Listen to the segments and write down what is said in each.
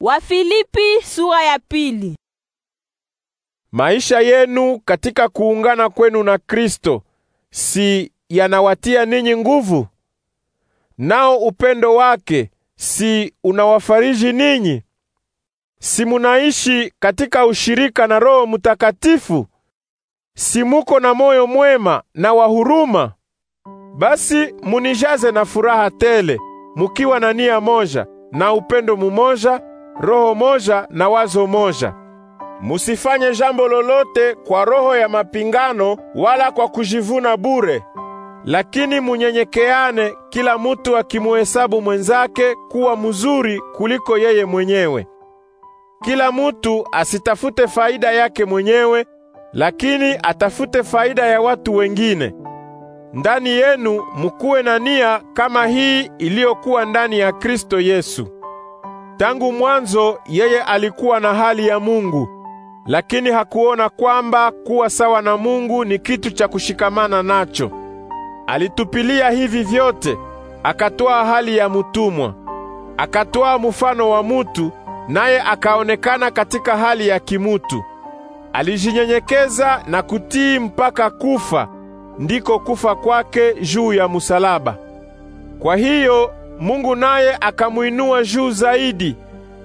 Wafilipi sura ya pili. Maisha yenu katika kuungana kwenu na Kristo si yanawatia ninyi nguvu? Nao upendo wake si unawafariji ninyi? Si munaishi katika ushirika na Roho Mtakatifu? Si muko na moyo mwema na wa huruma? Basi munijaze na furaha tele, mukiwa na nia moja na upendo mumoja roho moja na wazo moja. Musifanye jambo lolote kwa roho ya mapingano wala kwa kujivuna bure, lakini munyenyekeane, kila mutu akimuhesabu mwenzake kuwa mzuri kuliko yeye mwenyewe. Kila mutu asitafute faida yake mwenyewe, lakini atafute faida ya watu wengine. Ndani yenu mukuwe na nia kama hii iliyokuwa ndani ya Kristo Yesu. Tangu mwanzo yeye alikuwa na hali ya Mungu, lakini hakuona kwamba kuwa sawa na Mungu ni kitu cha kushikamana nacho. Alitupilia hivi vyote, akatoa hali ya mtumwa, akatoa mfano wa mutu, naye akaonekana katika hali ya kimutu. Alijinyenyekeza na kutii mpaka kufa, ndiko kufa kwake juu ya musalaba. Kwa hiyo Mungu naye akamuinua juu zaidi,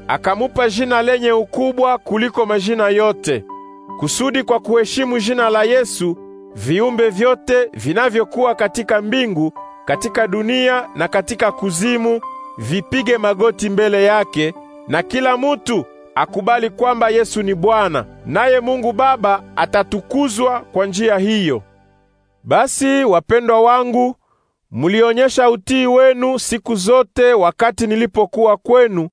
akamupa jina lenye ukubwa kuliko majina yote, kusudi kwa kuheshimu jina la Yesu viumbe vyote vinavyokuwa katika mbingu, katika dunia na katika kuzimu vipige magoti mbele yake, na kila mutu akubali kwamba Yesu ni Bwana, naye Mungu Baba atatukuzwa kwa njia hiyo. Basi wapendwa wangu, Mulionyesha utii wenu siku zote wakati nilipokuwa kwenu,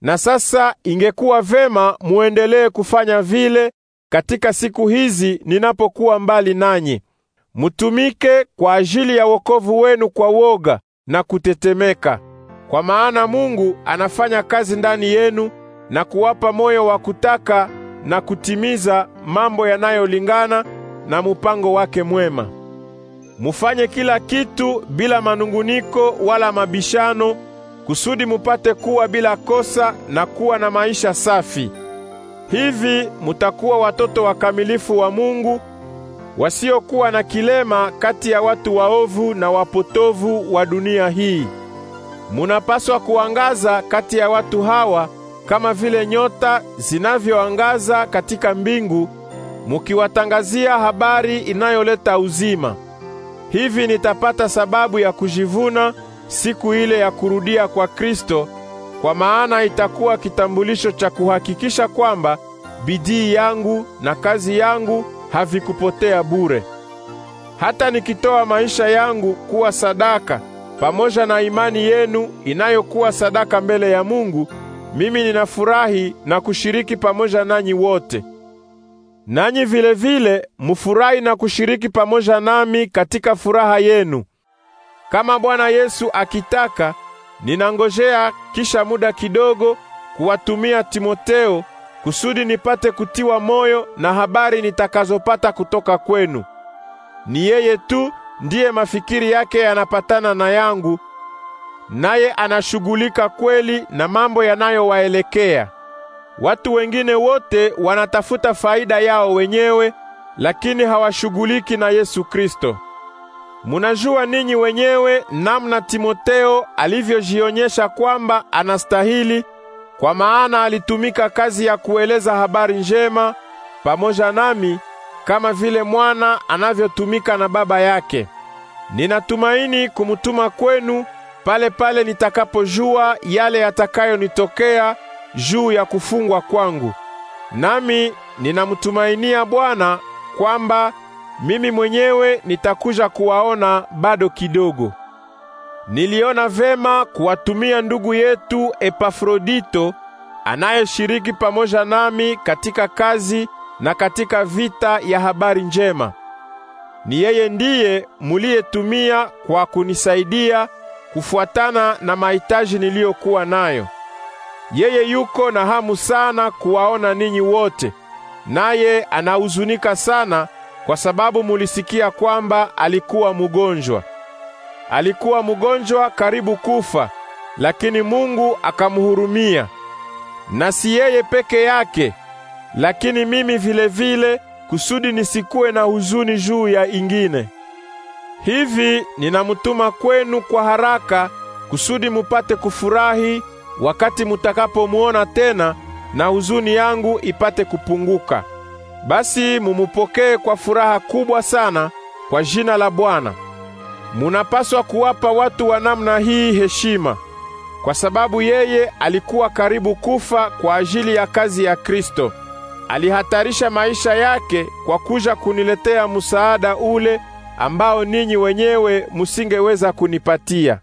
na sasa ingekuwa vema muendelee kufanya vile katika siku hizi ninapokuwa mbali nanyi. Mutumike kwa ajili ya wokovu wenu kwa woga na kutetemeka, kwa maana Mungu anafanya kazi ndani yenu na kuwapa moyo wa kutaka na kutimiza mambo yanayolingana na mupango wake mwema mufanye kila kitu bila manunguniko wala mabishano, kusudi mupate kuwa bila kosa na kuwa na maisha safi. Hivi mutakuwa watoto wakamilifu wa Mungu, wasiokuwa na kilema kati ya watu waovu na wapotovu wa dunia hii. Munapaswa kuangaza kati ya watu hawa kama vile nyota zinavyoangaza katika mbingu, mukiwatangazia habari inayoleta uzima. Hivi nitapata sababu ya kujivuna siku ile ya kurudia kwa Kristo, kwa maana itakuwa kitambulisho cha kuhakikisha kwamba bidii yangu na kazi yangu havikupotea bure. Hata nikitoa maisha yangu kuwa sadaka pamoja na imani yenu inayokuwa sadaka mbele ya Mungu, mimi ninafurahi na kushiriki pamoja nanyi wote nanyi vile vile mufurahi na kushiriki pamoja nami katika furaha yenu. Kama Bwana Yesu akitaka, ninangojea kisha muda kidogo kuwatumia Timoteo kusudi nipate kutiwa moyo na habari nitakazopata kutoka kwenu. Ni yeye tu ndiye mafikiri yake yanapatana na yangu, naye anashughulika kweli na mambo yanayowaelekea. Watu wengine wote wanatafuta faida yao wenyewe, lakini hawashughuliki na Yesu Kristo. Munajua ninyi wenyewe namna Timoteo alivyojionyesha kwamba anastahili, kwa maana alitumika kazi ya kueleza habari njema pamoja nami kama vile mwana anavyotumika na baba yake. Ninatumaini kumutuma kwenu pale pale nitakapojua yale yatakayonitokea juu ya kufungwa kwangu, nami ninamtumainia Bwana kwamba mimi mwenyewe nitakuja kuwaona bado kidogo. Niliona vema kuwatumia ndugu yetu Epafrodito anayeshiriki pamoja nami katika kazi na katika vita ya habari njema. Ni yeye ndiye muliyetumia kwa kunisaidia kufuatana na mahitaji niliyokuwa nayo. Yeye yuko na hamu sana kuwaona ninyi wote, naye anahuzunika sana kwa sababu mulisikia kwamba alikuwa mgonjwa. Alikuwa mgonjwa karibu kufa, lakini Mungu akamhurumia. Na si yeye peke yake, lakini mimi vile vile, kusudi nisikuwe na huzuni juu ya ingine. Hivi ninamutuma kwenu kwa haraka, kusudi mupate kufurahi wakati mutakapomwona tena na huzuni yangu ipate kupunguka. Basi mumupokee kwa furaha kubwa sana kwa jina la Bwana. Munapaswa kuwapa watu wa namna hii heshima, kwa sababu yeye alikuwa karibu kufa kwa ajili ya kazi ya Kristo. Alihatarisha maisha yake kwa kuja kuniletea msaada ule ambao ninyi wenyewe musingeweza kunipatia.